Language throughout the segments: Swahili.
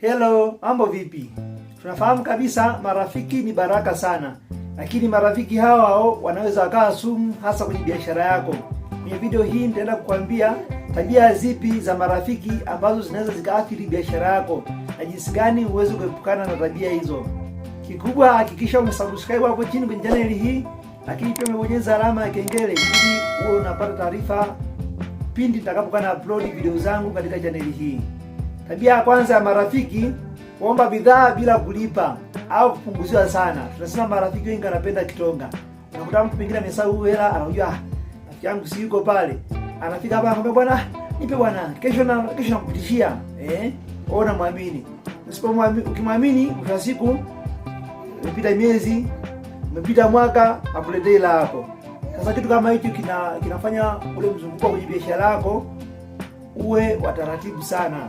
Hello, mambo vipi? Tunafahamu kabisa marafiki ni baraka sana, lakini marafiki hawa hao wanaweza wakawa sumu, hasa kwenye biashara yako. Kwenye video hii nitaenda kukwambia tabia zipi za marafiki ambazo zinaweza zikaathiri biashara yako na jinsi gani uweze kuepukana na tabia hizo. Kikubwa, hakikisha umesubscribe hapo chini kwenye chaneli hii, lakini pia umebonyeza alama ya kengele ili uwe unapata taarifa pindi nitakapokuwa na upload video zangu katika chaneli hii. Tabia ya kwanza ya marafiki kuomba bidhaa bila kulipa au kupunguziwa sana. Tunasema marafiki wengi wanapenda kitonga. Unakuta mtu mwingine amesahau hela, anajua ah, rafiki yangu si yuko pale. Anafika hapa anakuambia bwana, nipe bwana, kesho na kesho nakutishia. Eh? Wewe unamwamini. Usipomwamini, ukimwamini kwa siku imepita miezi, umepita mwaka, akuletee hela yako. Sasa kitu kama hicho kina, kinafanya ule mzunguko kwenye biashara yako uwe wa taratibu sana.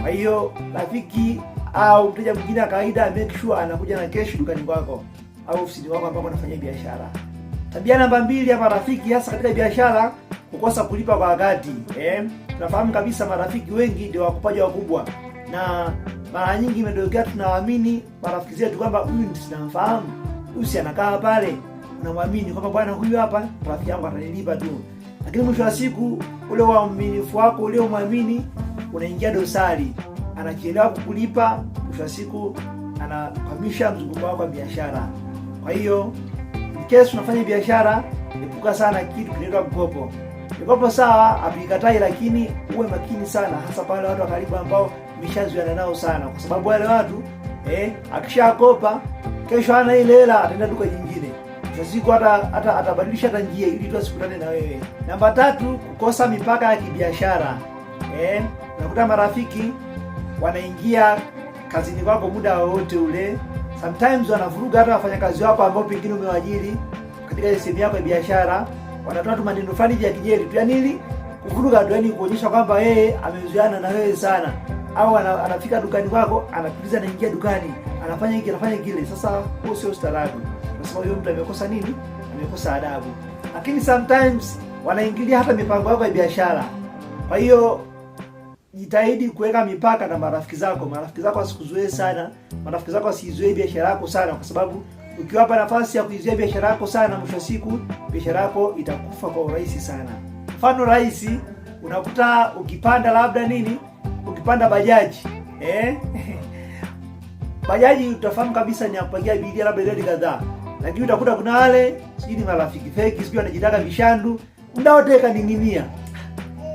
Kwa hiyo rafiki au mteja mwingine kawaida, make sure anakuja na keshi dukani kwako au ofisini kwako ambapo anafanya biashara. Tabia namba mbili hapa rafiki, hasa katika biashara, kukosa kulipa kwa wakati. Eh, tunafahamu kabisa marafiki wengi ndio wakopaji wakubwa, na mara nyingi imetokea tunawaamini marafiki zetu kwamba huyu tunamfahamu, huyu si anakaa pale, unamwamini kwamba bwana, huyu hapa rafiki yangu atanilipa tu. Lakini mwisho wa siku ule uaminifu wako ule umwamini unaingia dosari, anachelewa kukulipa, mwisho wa siku anakwamisha mzunguko wako wa biashara. Kwa hiyo kesi unafanya biashara, epuka sana kitu kinaitwa mkopo. Mkopo sawa, apikatai, lakini uwe makini sana, hasa pale watu wa karibu ambao mishazuana nao sana, kwa sababu wale watu eh, akishakopa kesho ana ile hela ataenda duka ziko hata hata atabadilisha hata njia ili tusikutane na wewe. Namba tatu, kukosa mipaka ya kibiashara eh, nakuta marafiki wanaingia kazini kwako muda wowote ule, sometimes wanavuruga hata wafanyakazi wako ambao pengine umewaajiri katika sehemu yako ya biashara, wanatoa tu maneno fulani ya kijeli tu, yaani ili kuvuruga tu, yaani kuonyesha kwamba yeye amezuiana na wewe sana, au anafika dukani kwako, anakuuliza anaingia dukani, anafanya hiki anafanya kile. Sasa huo sio ustaarabu tunasema huyo mtu amekosa nini? Amekosa adabu. Lakini sometimes wanaingilia hata mipango yako ya biashara. Kwa hiyo jitahidi kuweka mipaka na marafiki zako. Marafiki zako wasikuzuie sana, marafiki zako wasizuie biashara yako sana, kwa sababu ukiwapa nafasi ya kuizuia biashara yako sana, mwisho wa siku biashara yako itakufa kwa urahisi sana. Mfano rahisi, unakuta ukipanda labda nini, ukipanda bajaji eh? bajaji utafahamu kabisa ni ya kupangia abiria labda idadi kadhaa lakini utakuta kuna wale sijui ni marafiki feki, sijui wanajitaka vishandu, muda wote kaning'inia.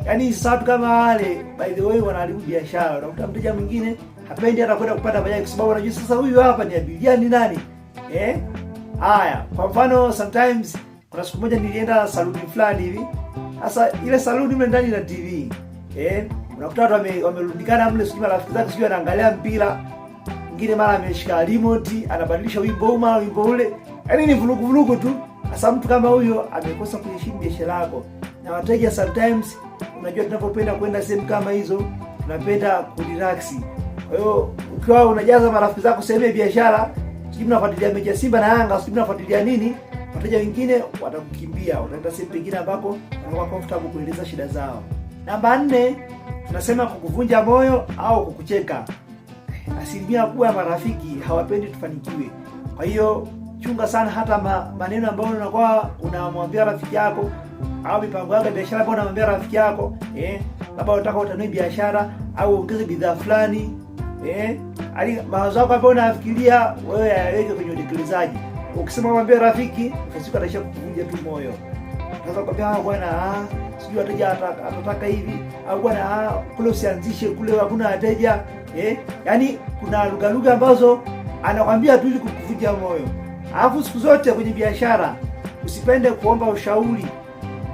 Yaani sababu kama wale by the way wanaharibu biashara. Utakuta mteja mwingine hapendi hata kwenda kupata bajaji kwa sababu anajua sasa huyu hapa ni abiria ni nani? Eh? Haya, kwa mfano sometimes kuna siku moja nilienda saluni fulani hivi. Sasa ile saluni mle ndani ina TV. Eh? Unakuta watu wame, wamerundikana mle sijui marafiki zake sijui anaangalia mpira. Mwingine mara ameshika remote, anabadilisha wimbo huu mara wimbo ule yaani ni vurugu vurugu tu. Sasa mtu kama huyo amekosa kuheshimu biashara yako na wateja. Sometimes unajua tunapopenda kwenda sehemu kama hizo tunapenda kurelax. Kwa hiyo ukiwa unajaza marafiki zako sehemu ya biashara, sijui mnafuatilia mechi ya Simba na Yanga, sijui mnafuatilia nini, wateja wengine watakukimbia, unaenda sehemu pengine ambako wanakuwa comfortable kueleza shida zao. Namba nne, tunasema kukuvunja moyo au kukucheka. Asilimia kubwa ya marafiki hawapendi tufanikiwe, kwa hiyo chunga sana hata ma, maneno ambayo unakuwa unamwambia rafiki yako au mipango yako ya biashara ambayo unamwambia rafiki yako eh, labda unataka utanui biashara au uongeze bidhaa fulani eh, ali mawazo yako ambayo unafikiria wewe yaweke kwenye utekelezaji. Ukisema mwambie rafiki, usiku ataisha kukuvunja tu moyo. Sasa kwambia ah, bwana ah, sijui wateja atataka hivi au bwana ah, kule usianzishe kule, hakuna wateja eh, yani kuna lugha lugha ambazo anakwambia tu ili kukuvunja moyo. Alafu siku zote kwenye biashara usipende kuomba ushauri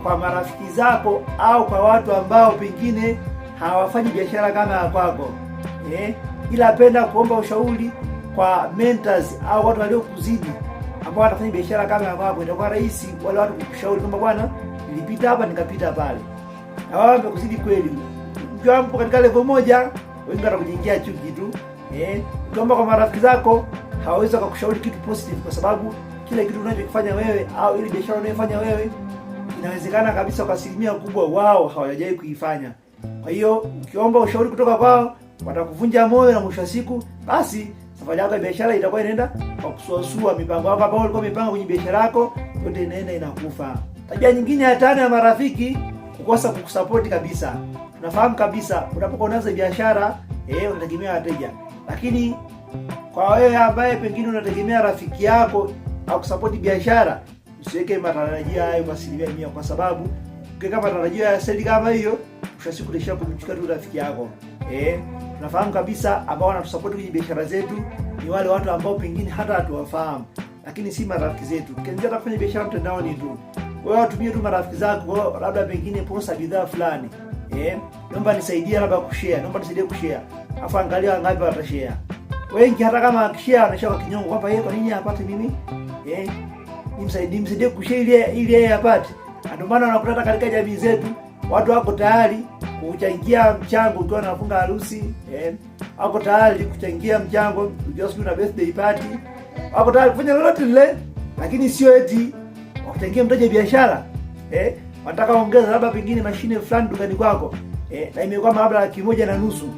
kwa marafiki zako au kwa watu ambao pengine hawafanyi biashara kama ya kwako eh? Ila penda kuomba ushauri kwa mentors au watu waliokuzidi ambao wanafanya biashara kama ya kwako. Itakuwa rahisi wale watu kushauri kwamba bwana, nilipita hapa nikapita pale, na wao wamekuzidi kweli. Ukiwa mpo katika level moja, wengi watakujengia chuki tu eh? Ukiomba kwa marafiki zako hawawezi wakakushauri kitu positive, kwa sababu kile kitu unachokifanya wewe au ile biashara unayofanya wewe inawezekana kabisa kwa asilimia kubwa wao hawajawai kuifanya. Kwa hiyo ukiomba ushauri kutoka kwao, watakuvunja moyo na mwisho wa siku, basi safari yako ya biashara itakuwa inaenda kwa kusuasua. Mipango yako ambayo ulikuwa umepanga kwenye biashara yako yote inaenda inakufa. Tabia nyingine ya tano ya marafiki, kukosa kukusapoti kabisa. Tunafahamu kabisa unapokuwa unaanza biashara eh, unategemea wateja, lakini kwa wewe ambaye pengine unategemea rafiki yako akusapoti biashara, usiweke matarajio hayo kwa asilimia mia, kwa sababu ukiweka matarajio ya seli kama hiyo, ushasiku utaishia kumchukua tu rafiki yako eh. Tunafahamu kabisa ambao wanatusapoti kwenye biashara zetu ni wale watu ambao pengine hata hatuwafahamu, lakini si marafiki zetu. Ukianza kufanya biashara mtandaoni tu, wewe watumie tu marafiki zako, labda pengine posa bidhaa fulani eh, naomba nisaidie, labda kushare, naomba nisaidie kushare, afu angalia wangapi watashare wengi, hata kama akishia anashawa kinyongo kwamba yeye, kwa nini apate mimi eh, nimsaidie msaidie kushia ile ile yeye apate. Ndio maana hata katika jamii zetu watu wako tayari kuchangia mchango ukiwa nafunga harusi eh, wako tayari kuchangia mchango ukiwa siku na birthday party, wako tayari kufanya lolote lile, lakini sio eti wakuchangia mtaje biashara eh, wanataka ongeza labda pengine mashine fulani dukani kwako eh, na imekuwa labda laki moja na nusu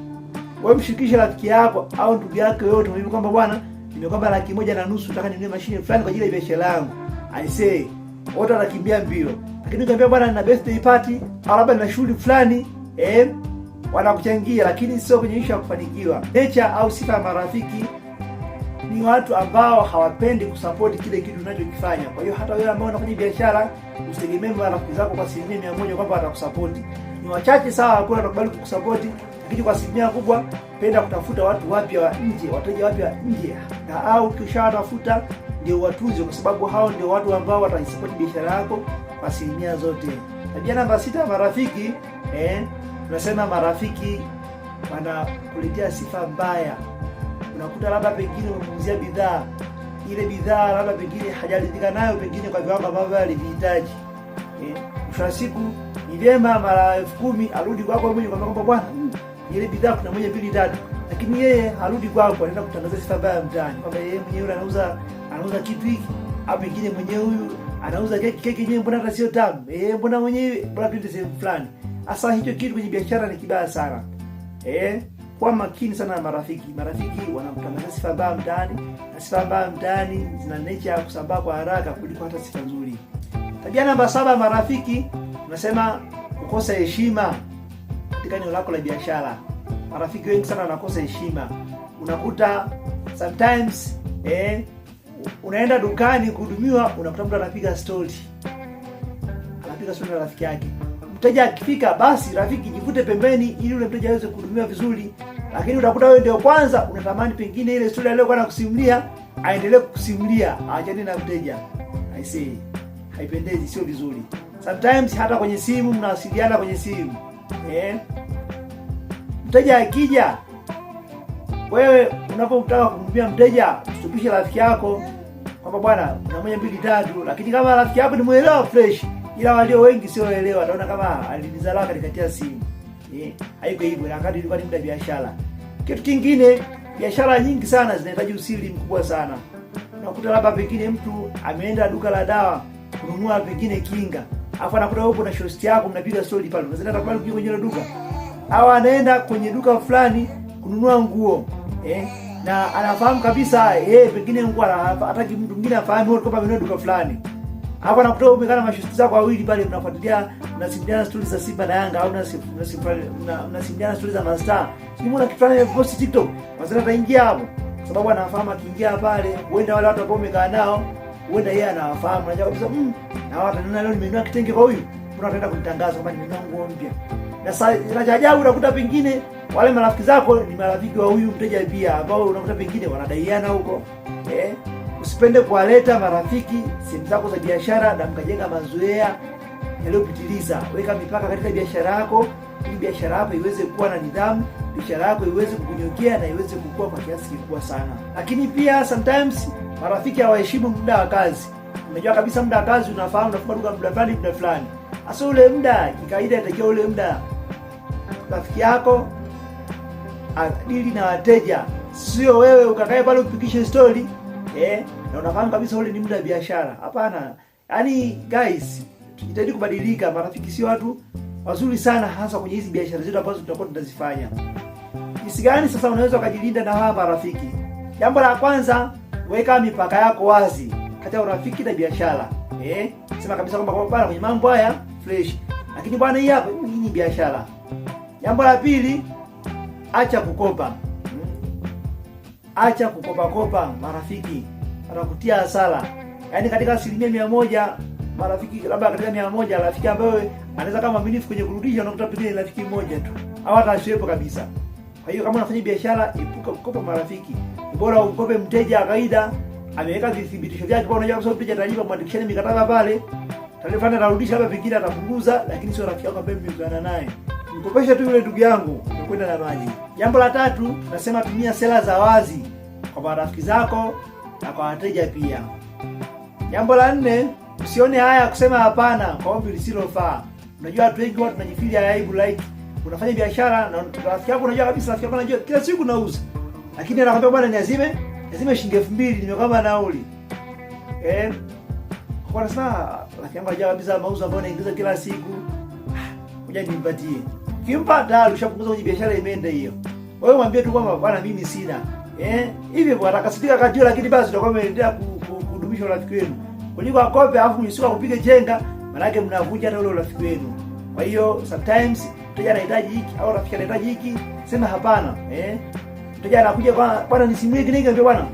wewe mshirikishe rafiki yako au ndugu yako yote, mwambie kwamba bwana, nimekwamba laki moja na nusu, nataka ninunue mashine fulani kwa ajili ya biashara yangu. I say wote wanakimbia mbio, lakini ukiambia bwana, nina birthday party au labda nina shughuli fulani eh, wanakuchangia, lakini sio kwenye ishu ya kufanikiwa. Nature au sifa ya marafiki ni watu ambao hawapendi kusapoti kile kitu unachokifanya. Kwa hiyo hata wewe ambao unafanya biashara usitegemee marafiki zako kwa asilimia mia moja kwamba watakusapoti ni wachache sawa ambao wanakubali kukusapoti, lakini kwa asilimia kubwa penda kutafuta watu wapya wa nje, wateja wapya wa nje, na au kishawatafuta ndio watuzi, kwa sababu hao ndio watu ambao wataisapoti biashara yako kwa asilimia zote. Tabia namba sita, marafiki eh, tunasema marafiki wanakuletea sifa mbaya. Unakuta labda pengine umemuuzia bidhaa ile bidhaa, labda pengine hajaridhika nayo, pengine kwa viwango ambavyo alivihitaji. Eh, mwisho wa siku ni vyema mara elfu kumi arudi kwako mwenye kwa kwamba bwana, ile bidhaa kuna moja mbili tatu, lakini yeye harudi kwako, anaenda kutangaza sifa mbaya mtaani kwamba yeye mwenyewe yule anauza anauza kitu hiki, au pengine mwenyewe huyu anauza keki, keki yenyewe mbona hata sio tamu eh, mbona mwenyewe bora tuende sehemu fulani. Hasa hicho kitu kwenye biashara ni kibaya sana eh. Kwa makini sana na marafiki. Marafiki wanakutangaza sifa mbaya mtaani, na sifa mbaya mtaani zina nature ya kusambaa kwa haraka kuliko hata sifa nzuri. Tabia namba saba, marafiki Unasema ukosa heshima katika eneo lako la biashara. Marafiki wengi sana wanakosa heshima. Unakuta sometimes eh, unaenda dukani kuhudumiwa, unakuta mtu anapiga stori, anapiga stori na rafiki yake. Mteja akifika, basi rafiki jivute pembeni, ili ule mteja aweze kuhudumiwa vizuri. Lakini utakuta wewe ndio kwanza unatamani pengine ile stori aliyokuwa anakusimulia aendelee kukusimulia, aachane na mteja. I see, haipendezi, sio vizuri. Sometimes hata kwenye simu mnawasiliana kwenye simu eh? Mteja akija, wewe unapotaka kumtumia mteja tupishe rafiki yako kwamba bwana, kuna moja mbili tatu, lakini kama rafiki yako ni mwelewa fresh, ila walio wengi sio waelewa, naona kama alidizalawa katika simu eh, haiko hivyo, na kadri ilikuwa ni muda biashara. Kitu kingine, biashara nyingi sana zinahitaji usiri mkubwa sana. Unakuta labda pengine mtu ameenda duka la dawa kununua pengine kinga afu anakuta wewe na shosti yako mnapiga story pale. Unazenda pale ukiwa kwenye duka. Au anaenda kwenye duka fulani kununua nguo. Eh? Na anafahamu kabisa yeye eh, pengine nguo hataki mtu mwingine afahamu kwamba mwenye duka fulani. Hapo anakuta wewe umekaa na mashosti zako wawili pale mnafuatilia na mnasimuliana stories za Simba na Yanga au na mnasimuliana stories za Masta. Sio mbona kifanya ya post TikTok? Wazana ataingia hapo. Sababu anafahamu akiingia pale, huenda wale watu ambao umekaa nao huenda yeye anawafahamu, anajua kabisa mmm, na wapi leo nimenunua kitenge kwa huyu, kuna ataenda kunitangaza kwamba nimenunua nguo mpya. Na sasa cha ajabu unakuta pengine wale marafiki zako ni marafiki wa huyu mteja pia, ambao unakuta pengine wanadaiana huko eh. Usipende kuwaleta marafiki simu zako za biashara na mkajenga mazoea yaliyopitiliza. Weka mipaka katika biashara yako biashara yako iweze kuwa na nidhamu, biashara yako iweze kukunyokea na iweze kukua kwa kiasi kikubwa sana. Lakini pia sometimes marafiki hawaheshimu muda wa kazi. Unajua kabisa muda wa kazi, unafahamu unafuma duka muda fulani, muda fulani. Hasa ule muda kikaida inatakiwa ule muda rafiki yako adili na wateja, sio wewe ukakae pale upikishe story eh, na unafahamu kabisa ule ni muda wa biashara. Hapana, yaani guys, tujitahidi kubadilika. Marafiki sio watu wazuri sana, hasa kwenye hizi biashara zetu ambazo tutakuwa tunazifanya. Jinsi gani sasa unaweza ukajilinda na hawa marafiki? Jambo la kwanza, weka mipaka yako wazi kati ya urafiki na biashara. Eh, sema kabisa kwamba kwa bwana, kwenye mambo haya fresh, lakini bwana, hii hapa hii ni biashara. Jambo la pili, acha kukopa. Acha kukopa kopa marafiki, atakutia hasara. Yaani katika asilimia mia moja marafiki labda katika mia moja rafiki ambaye anaweza kama mwaminifu kwenye kurudisha, unakuta pengine rafiki mmoja tu au hata asiwepo kabisa. Kwa hiyo kama unafanya biashara, epuka kukopa marafiki, bora ukope mteja wa kawaida, ameweka vithibitisho vyake, kwa unajua sababu mteja atalipa, mwandikisheni mikataba pale, taarifa atarudisha hapa, pengine atapunguza, lakini sio rafiki yako ambaye mmekutana naye. Mkopeshe tu yule ndugu yangu, unakwenda na maji. Jambo la tatu, nasema tumia sera za wazi kwa marafiki zako na kwa wateja pia. Jambo la nne, usione haya kusema hapana kwa ombi lisilofaa. Unajua watu wengi watu najifili ya aibu like unafanya biashara na rafiki yako unajua kabisa rafiki yako unajua kila siku nauza. Lakini anakuambia bwana niazime, lazima shilingi 2000 nimekaba nauli. Eh? Kwa sasa rafiki yangu anajua kabisa mauzo ambayo naingiza kila siku. Ngoja nimpatie. Kimpa tayari ushapunguza kwenye biashara imeenda hiyo. Wewe mwambie tu kwamba bwana mimi sina. Eh? hivi kwa kasitika kati lakini basi utakuwa umeendelea kudumisha urafiki wenu. Kuliko akope afu msiko akupige jenga, maana yake mnavunja hata ule urafiki wenu. Kwa hiyo sometimes mteja anahitaji hiki au rafiki anahitaji hiki, sema hapana. Eh, mteja anakuja bwana, bwana nisimie kile kile bwana.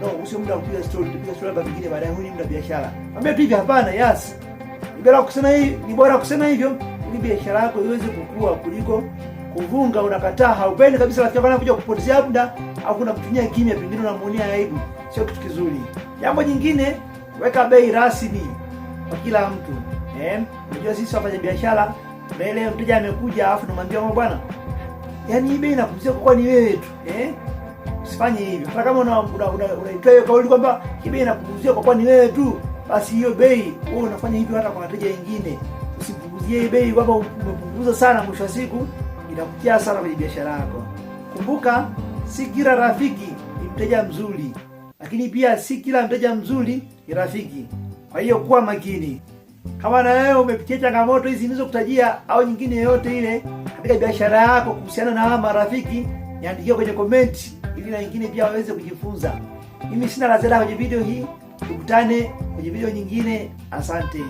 No, usio muda kupiga story, tupiga story baada nyingine baadaye, huyu muda biashara. Ambia tu hivi hapana, yes. Ni bora kusema hivi, ni bora kusema hivyo ili biashara yako iweze kukua kuliko kuvunga, unakataa, haupendi kabisa rafiki yako anakuja kupotezea muda au kuna kutumia kimya, pingine unamuonea aibu. Sio kitu kizuri. Jambo jingine, weka bei rasmi kwa kila mtu. Eh, unajua sisi wafanya biashara mbele mteja amekuja afu namwambia kwa bwana, yaani hii bei inakuzia kwa ni wewe tu. Eh? Usifanye hivyo. Hata kama una una, una, una kauli kwamba hii bei inakuzia kwa ni wewe tu, basi hiyo bei wewe oh, unafanya hivyo hata kwa wateja wengine. Usipunguzie hii bei kwamba umepunguza sana, mwisho wa siku inakutia sana kwenye biashara yako. Kumbuka si kila rafiki ni mteja mzuri, lakini pia si kila mteja mzuri ni rafiki. Kwa hiyo kuwa makini. Kama na wewe umepitia changamoto hizi nizokutajia au nyingine yoyote ile katika biashara yako kuhusiana na hawa marafiki, niandikie kwenye comment ili na wengine pia waweze kujifunza. Mimi sina la ziada kwenye video hii, tukutane kwenye video nyingine. Asante.